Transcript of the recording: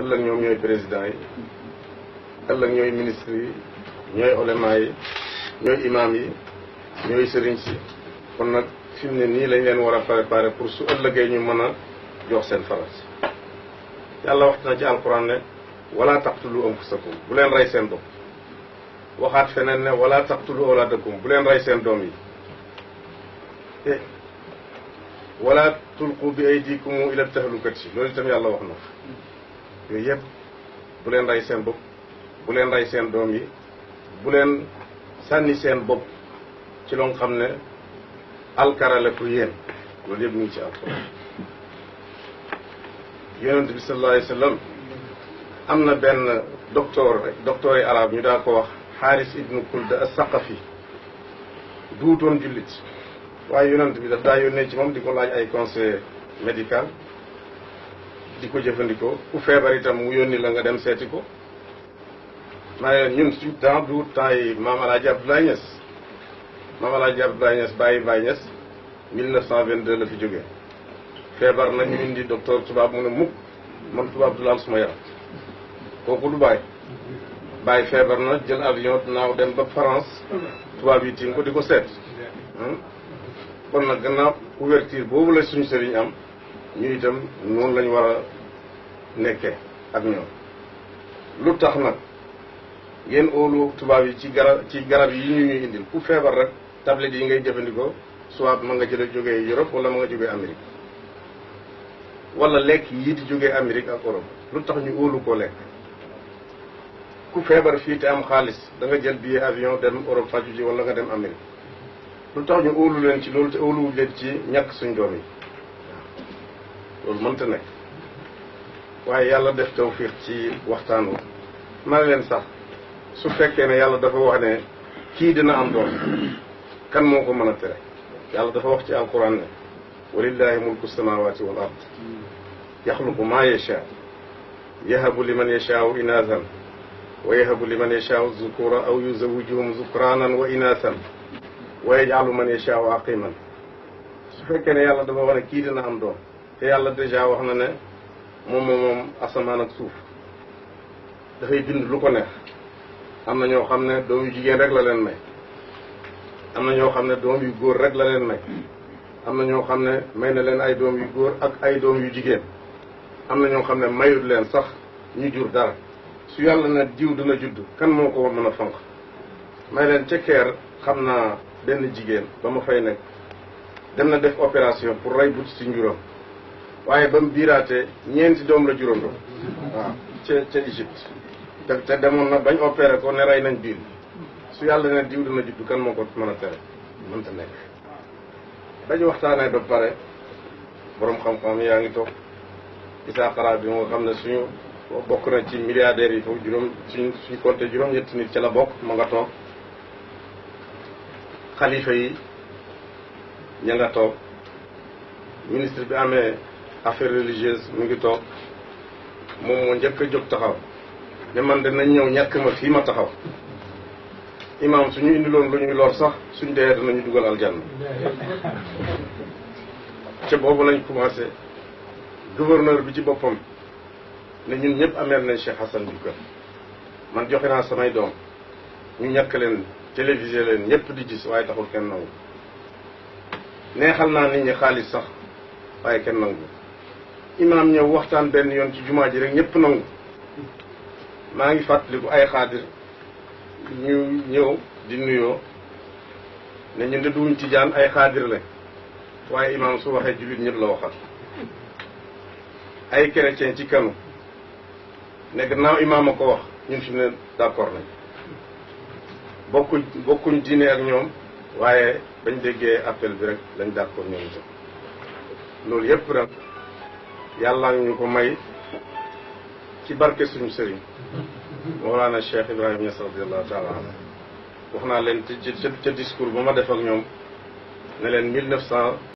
ëllëg ñoom ñooy président yi ëllëg ñooy ministre yi ñooy olema yi ñooy imam yi ñooy sëriñ si kon nag fi mu ne nii lañ leen war a préparer pour su ëllëgee ñu mën a jox seen faras yàlla wax na ci alquran ne wala taqtulu anfusakum bu leen rey seen bopp waxaat feneen ne wala taqtulu awlaadakum bu leen rey seen doom yi te eh, wala tulqu bi aydikum ila tahlukati loolu itam yàlla wax na yooyu bu leen rey seen bopp bu leen rey seen doom yi bu leen sànni seen bopp ci loo xam ne alkarale ko yéen loolu yëpp ñu ngi ci alxuraan yonent bi sallallahu alayhi am na benn docteur rek docteur yi arab ñu daal ko wax xaaris ibnu kulda as-saqafi duutoon jullit waaye yonent bi daf daa yónnee ci moom di ko laaj ay conseil médical di ko jëfandikoo ku feebar itam mu yónni la nga dem seeti ko ma ne ñun suñu temps du temps yi Maam Alaaji Abdoulaye Niass Maam Alaaji Abdoulaye Niass bàyyi Baye Niass 1922 la fi jógee feebar nañu indi docteur tubaab mu ne mukk man tubaab du laal suma yaram kooku du bàyyi bàyyi feebar na jël avion naaw dem ba France tubaab yi tiim ko di ko seet hmm? kon nag gannaaw ouverture boobu la suñu sëriñ am ñu itam noonu lañu war a nekke ak ñoom lu tax nag ngeen óolu tubaab yi ci garab ci garab yi ñu ñuy indil ku feebar rek tablette yi ngay jëfandikoo soit ma nga jële jóge Europe wala ma nga jógee Amérique wala lekk yii di jógee Amérique ak Europe lu tax ñu óolu koo lekk ku feebar fii te am xaalis da nga jël billet avion dem Europe faju ji wala nga dem Amérique lu tax ñu óolu leen ci loolu te óoluwuñ leen ci ñàkk suñ doom yi loolu mënta nekk waaye yàlla def tawfiq ci waxtaan wu ma leen sax su fekkee ne yàlla dafa wax ne kii dina am doom kan moo ko mën a tere yàlla dafa wax ci alquran ne walillahi mulku samawati wal ard yaxluqu maa yashaa yahabu liman yashaau inaasan wa yahabu liman yashaau zukura aw yuzawijuhum zukraanan wa inaasan wa yajcalu man yashaau aqiman su fekkee ne yàlla dafa wax ne kii dina am doom te yàlla dèjà wax na ne moom moom moom asamaan ak suuf dafay bind lu ko neex am na ñoo xam ne doom yu jigéen rek la leen may am na ñoo xam ne doom yu góor rek la leen may am na ñoo xam ne may na leen ay doom yu góor ak ay doom yu jigéen am na ñoo xam ne mayut leen sax ñu jur dara su yàlla ne jiw dina judd kan moo ko war mën a fonk may leen ca xam naa benn jigéen ba ma fay nekk dem na def opération pour rey but si njuróom waaye ba mu biiraatee ñeenti doom la juróondoo waaw ca ca Égypte te te na bañ opéré ko ne rey nañ diir su yàlla ne diw dina juddu kan moo ko mën a tere mënta nekk dañu waxtaanee ba pare boroom xam-xam yaa ngi toog Issa Xaraa bi nga xam ne suñu bokk na ci milliardaires yi foofu juróom suñ suñ compté juróom ñetti nit ca la bokk ma nga toog xalifa yi ña nga toog ministre bi amee affaire religieuse mu ngi toog moom moo njëkk a jóg taxaw ne man nañ ñëw ñekk ma fii ma taxaw imaam suñu indiloon lu ñuy lor sax suñ dee nañu dugal aljanna ca boobu lañ commencé gouverneur bi ci boppam ne ñun ñëpp ameel nañ Cheikh Hassan Dukkal man joxe naa samay doom ñu ñàkk leen télévisé leen ñëpp di gis waaye taxul kenn nangu neexal naa nit ñi xaalis sax waaye kenn nangu imaam ñëw waxtaan benn yoon ci jumaa ji rek ñépp nangu maa ngi fàttaliku ay xaadir ñu ñëw di nuyoo ne ñu duñ ci jaan ay xaadir la waaye imaam su waxee jullit ñëpp la waxal ay chrétien ci kanu ne gannaaw imaam a ko wax ñun fi ne d'accord nañ bokkuñ bokkuñ diine ak ñoom waaye bañ déggee appel bi rek lañ d'accord ñoom itam loolu yëpp rek yàlla ñu ko may ci barke suñu sëriñ Mawlana Cheikh Ibrahima Niass radiallahu taala anhu wax naa leen ca ca discours ba ma def ak ñoom ne leen mille neuf cent